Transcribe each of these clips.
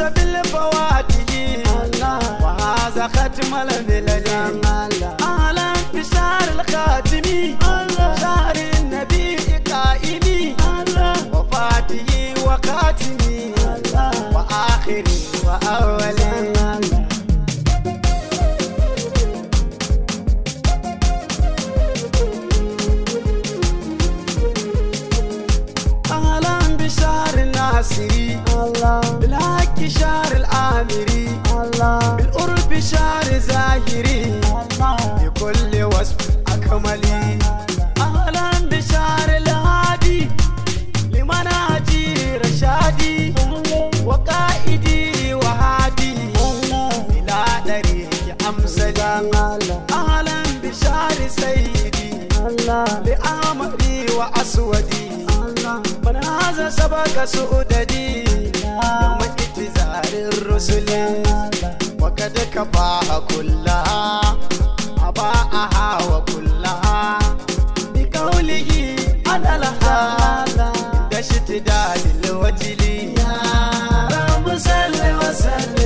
النفس بالفواتح وهذا ختم الملل أهلا بشعر الخاتم شعر النبي قائمي وفاته وخاتمي وآخري وأول Bishari zahiri bi kulle wasu akmali ahlan bi share lahadi liman haji rashadi wa qaidi wa hadi ila dari ki amsali ahlan bi share sayyidi li amri wa aswadi من هذا سبق سؤددي يوم اتزار waka duka ba a kulla a ba a hawa kulla bi kaulihi adal hala da shi wajili ya wa salli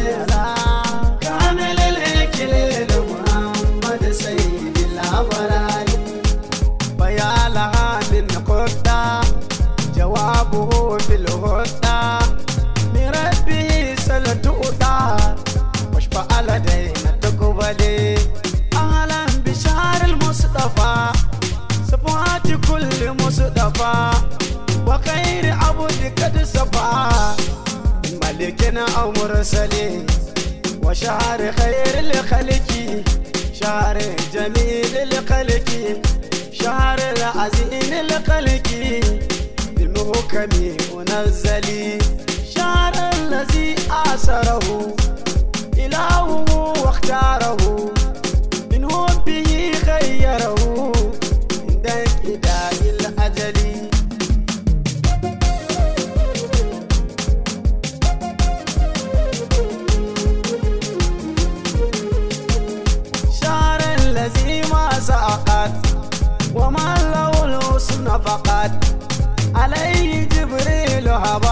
Kairi abu da kadu safa maliki na umar sale wa shahari khairi lakhaliki shahari jami'in lakhaliki shahari la'azin lakhaliki bilmukami unazali shahari lazi asarahu ilahu wa khtarahu min hubbihi khayyarahu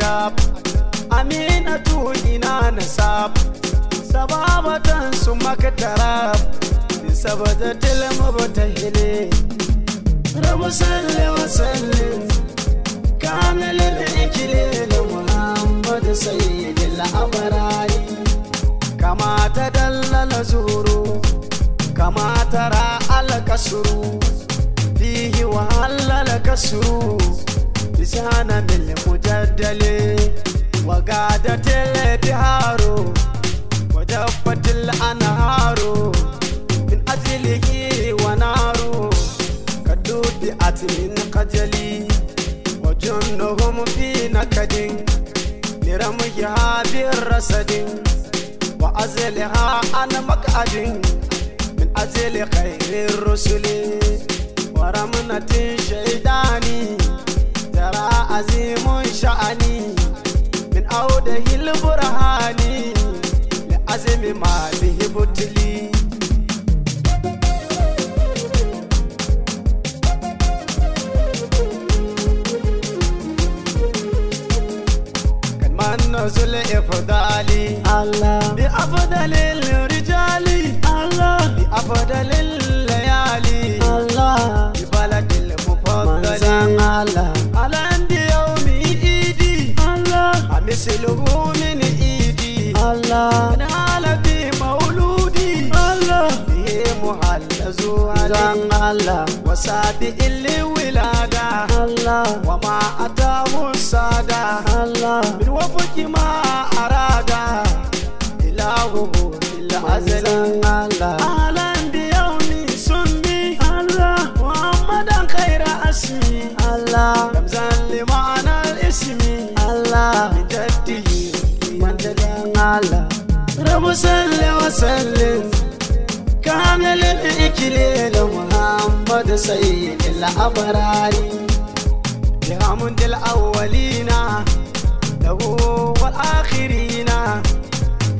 hijab aminatu ina nasab sababatan su ba ta mubtahili rabu salli wa sallim kamilil ikilil muhammad sayyidil abrar kama tadallala zuru kama tara al kasru fihi wa al kasru sana mille mujaddale wagada tele biharo wajabatil anharo min ajlihi wa naru kadudi atin kajali wajunuhum fi nakadin niram yadir rasadin wa azliha an makadin min ajli khairir rusuli ورمنا تشيداني ترى عظيم شأني من أوده البرهان لعزم ما به بطلي نزل إفضالي الله بأفضل الرجال الله بأفضل الليالي الله ببلد المفضل الله silbu min idi Allah na labi mauludi Allah biye muhallazu zan Allah wasabi illi wilada Allah wa ma atahu sada Allah bil wafqi ma arada ilahu bil azali Allah Allah rabu salli wa sallim kamil ikilil Muhammad sayyid al-abrari ya mundil awwalina lahu wal akhirina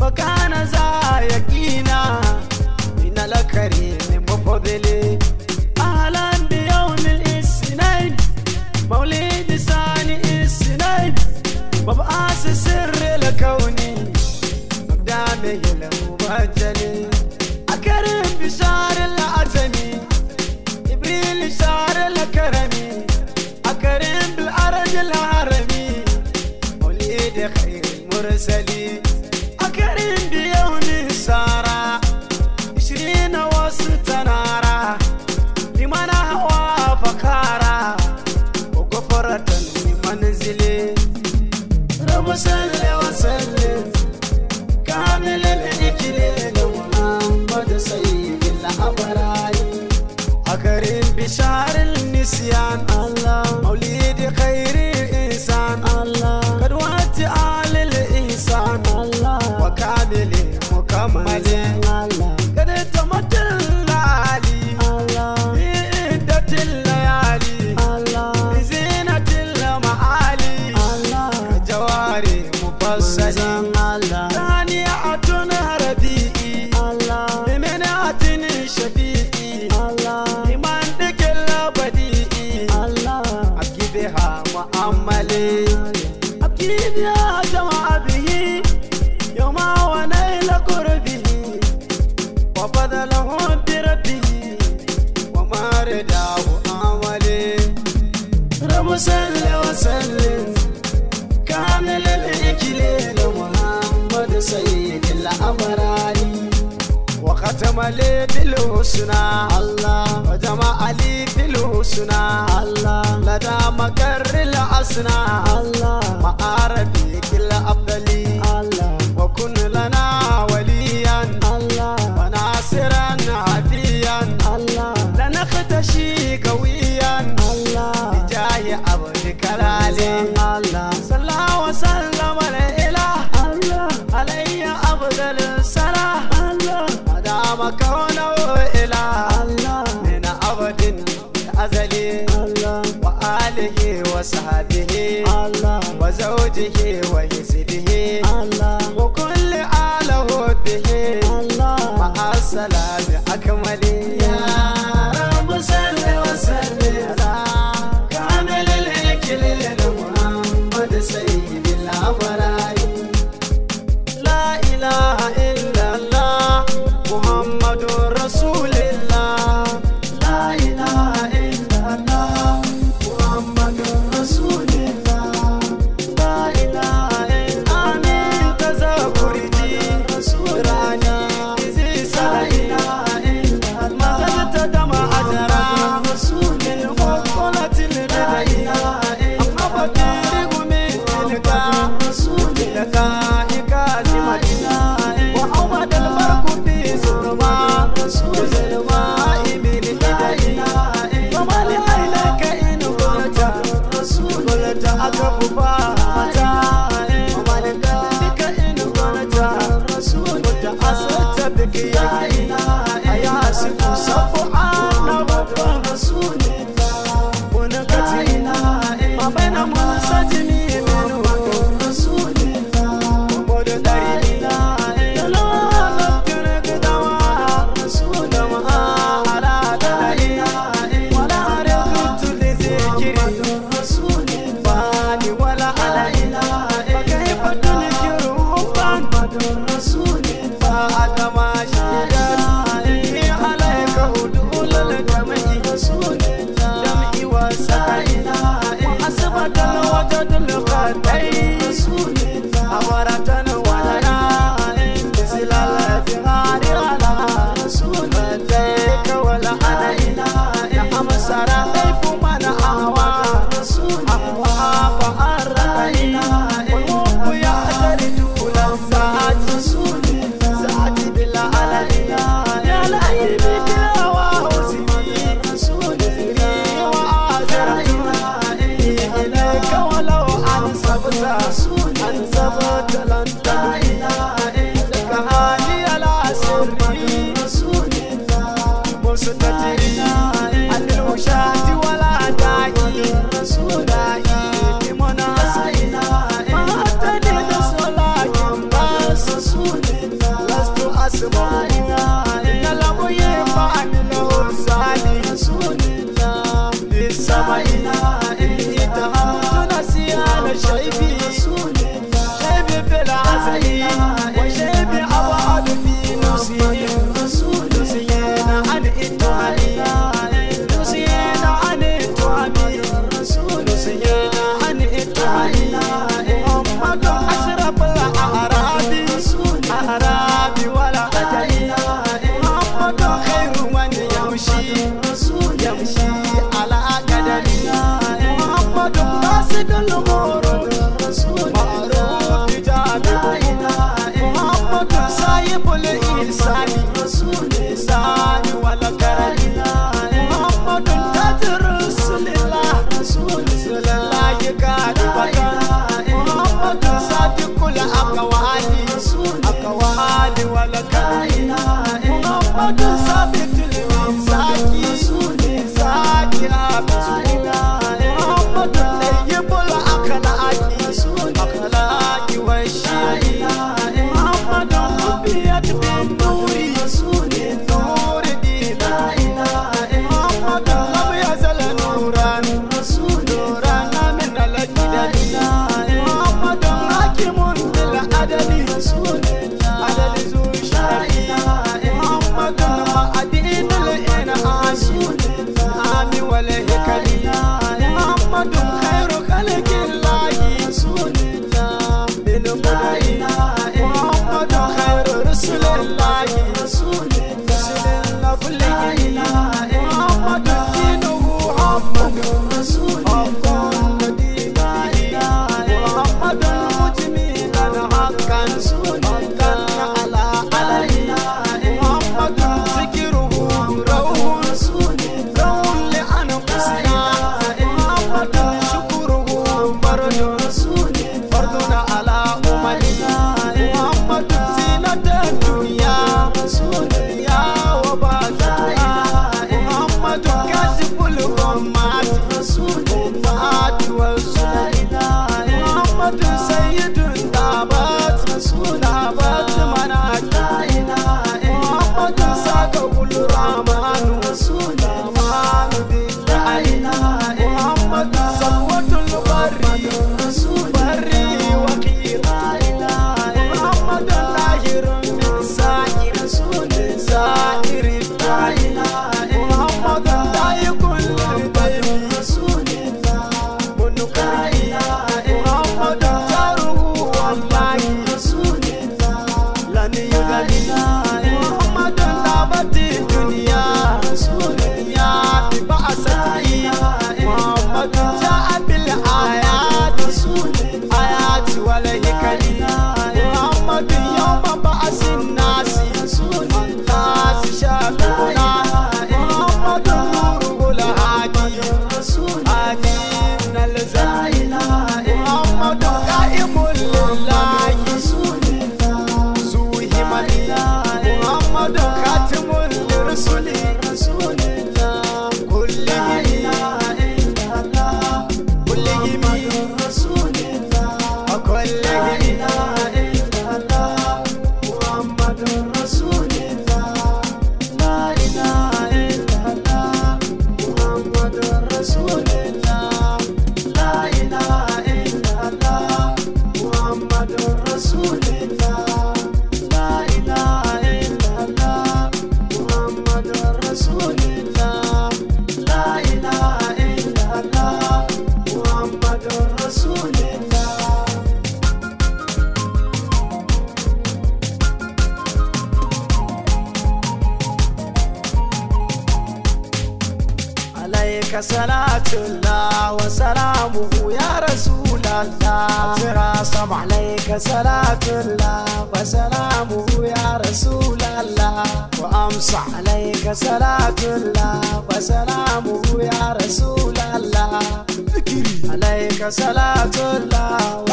fa kana za yaqina min al-karim mufadili ahlan bi yawm al-isnayn مولد ثاني السنين مبعاث سر الكوني mai yi lambar jali suna Allah wa jama'a lifilu suna Allah lada makarri la'asuna Allah ma'arabi jihe wa hisidihe de leur the ball.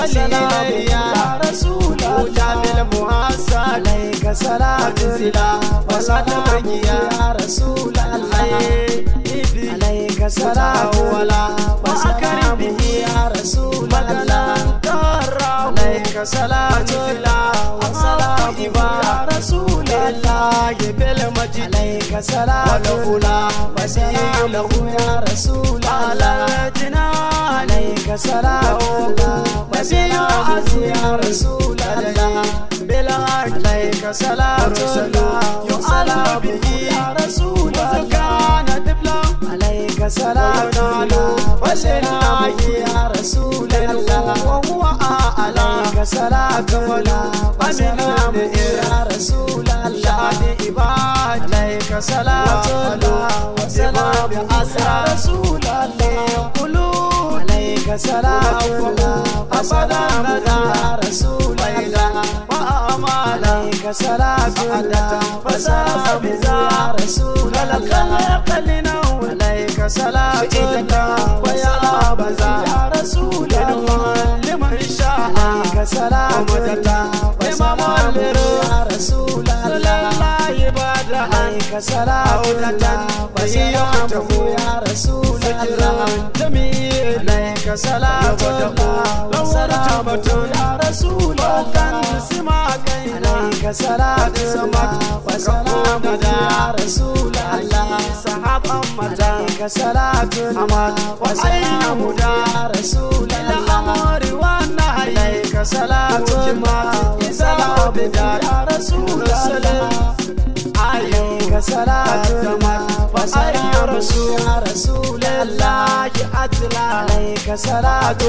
Allah ya rasu Allah bihi alayka salatu wala wa akrim bihi ya rasul Allah karra alayka salatu wala wa salatu ya rasul Allah bil majid alayka salatu wala wa salatu ya rasul Allah alayka salatu wala wa salatu ya rasul Allah بالعك عليك صلاة الله يعلى به يا رسول الله عليك سلام الله وسلام يا رسول الله وهو عليك سلام الله وسلام يا رسول الله لعباد عليك سلام الله وسلام يا رسول الله قلوب عليك سلام الله وسلام يا رسول الله عليك سلام الله وسلام يا رسول الله خلينا salatun ka ya baza ya rasulallah liman sha'a ka salatun rasu ya rasulallah عليك صلاة وسلامه يا رسول الله عليك صلاة الله وسلامه يا رسول الله عليك صلاة الله وسلامه يا رسول الله صحابة عليك صلاة الله وسلامه يا رسول الله عليك صلاة الله وسلامه يا رسول الله عليك صلاة يا رسول يا رسول الله أتلى عليك صلاة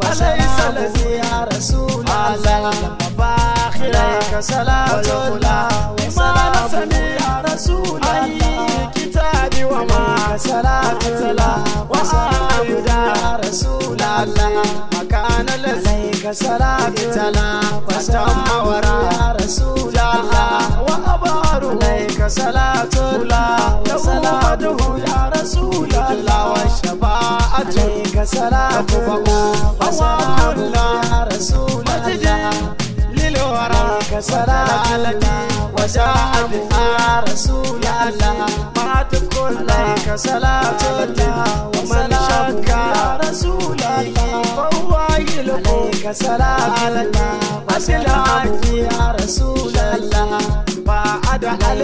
وليس الذي يا رسول الله عليك صلاة وما نفني يا رسول الله كتابي وما صلاة وأعبد يا رسول الله مكان عليك صلاة تلا وتم ورا رسول الله عليك صلاة الله وسلامه يا رسول الله والشفاعة عليك صلاة الله وسلامه يا رسول الله للورى صلاة الله وجاء بها رسول الله مات كل عليك صلاة الله ومن شك يا رسول الله فهو يلقى عليك صلاة الله وسلامه يا رسول الله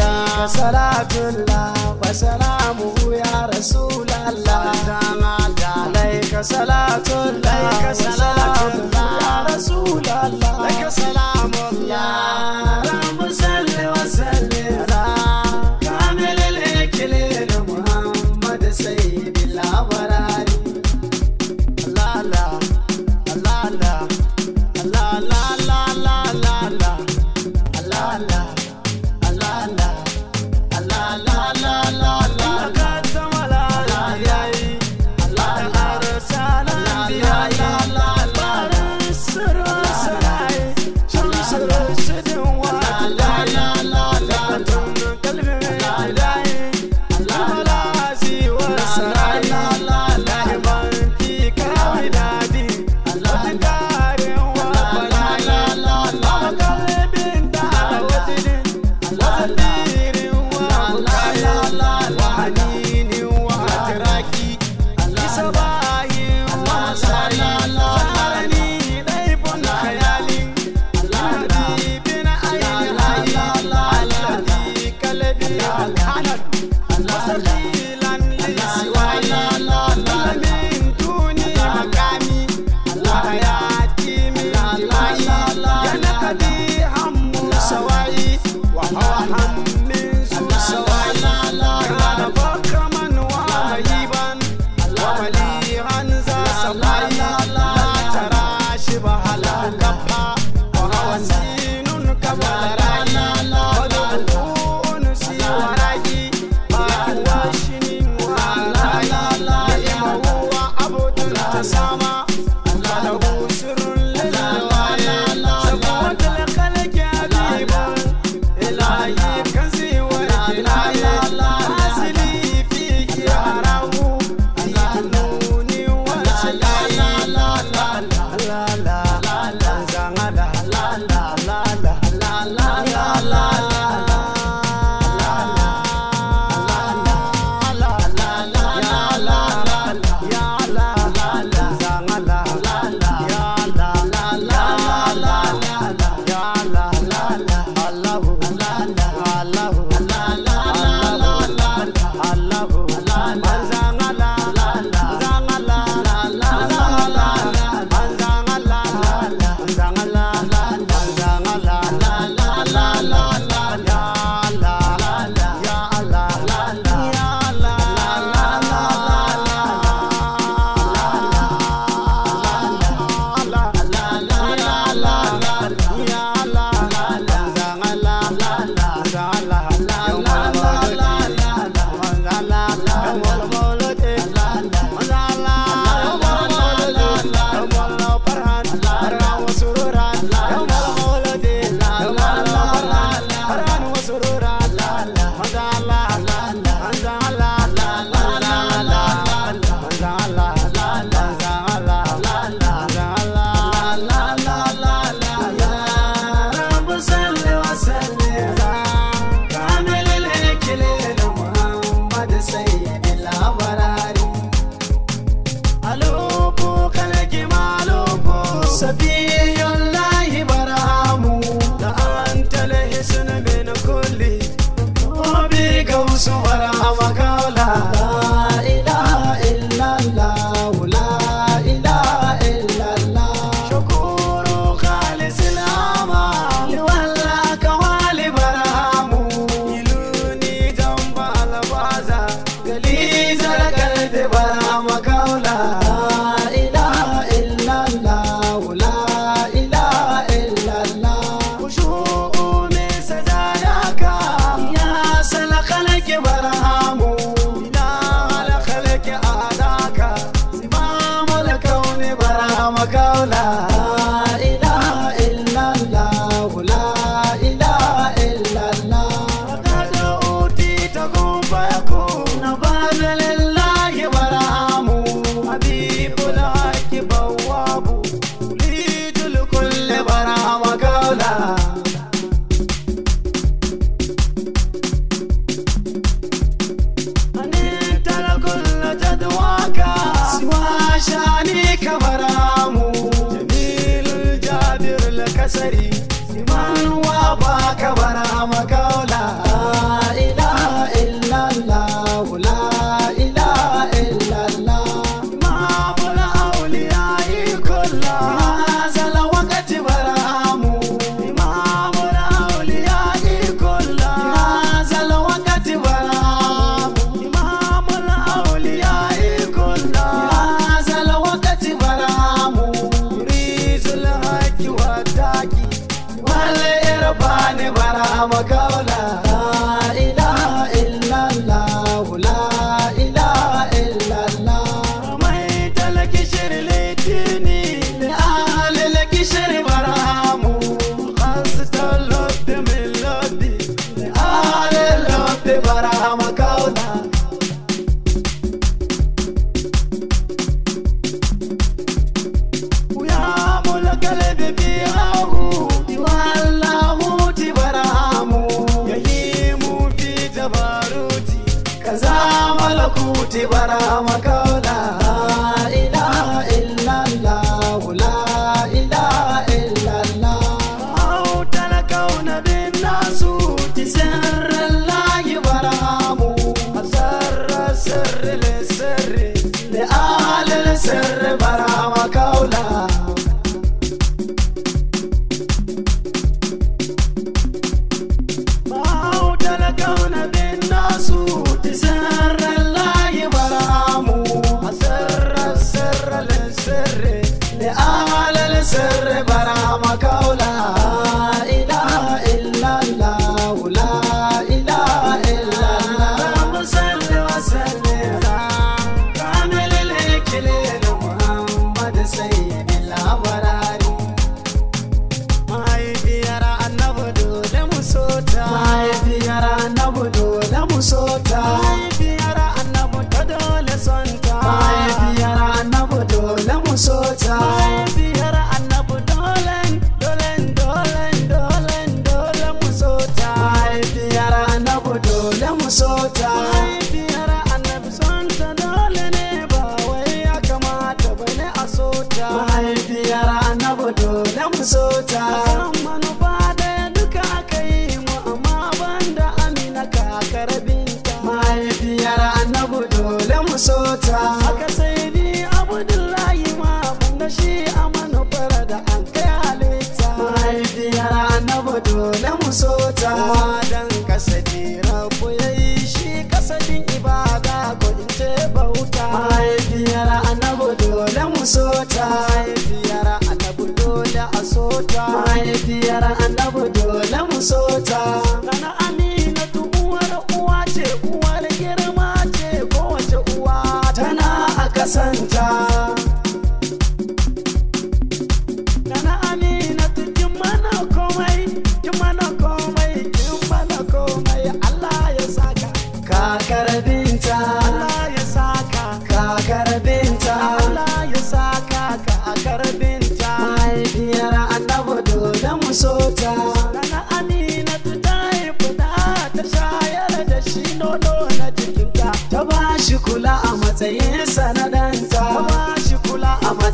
Allah. Like a salam, Allah. Allah. Allah. Allah. Allah. Allah. Allah. Allah. Allah. Allah. Allah. Allah. Allah. Allah. Allah. Allah. Allah. Allah. Allah.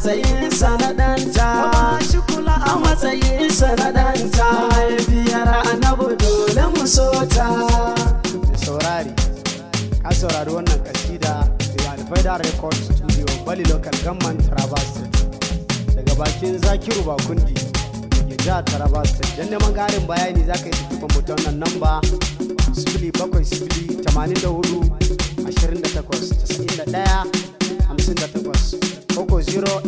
matsayinsa na ɗanta a matsayinsa na ɗanta mahaifiyar annabu dole mu sota saurari ka saurari wannan kasida daga alfaida record studio bali local government tarabas daga bakin zakiru bakundi ya ja tarabas don neman garin bayani za ka yi tuttuɓa mutum nan namba sifili bakwai sifili tamanin da hudu ashirin da takwas casa'in da ɗaya hamsin da takwas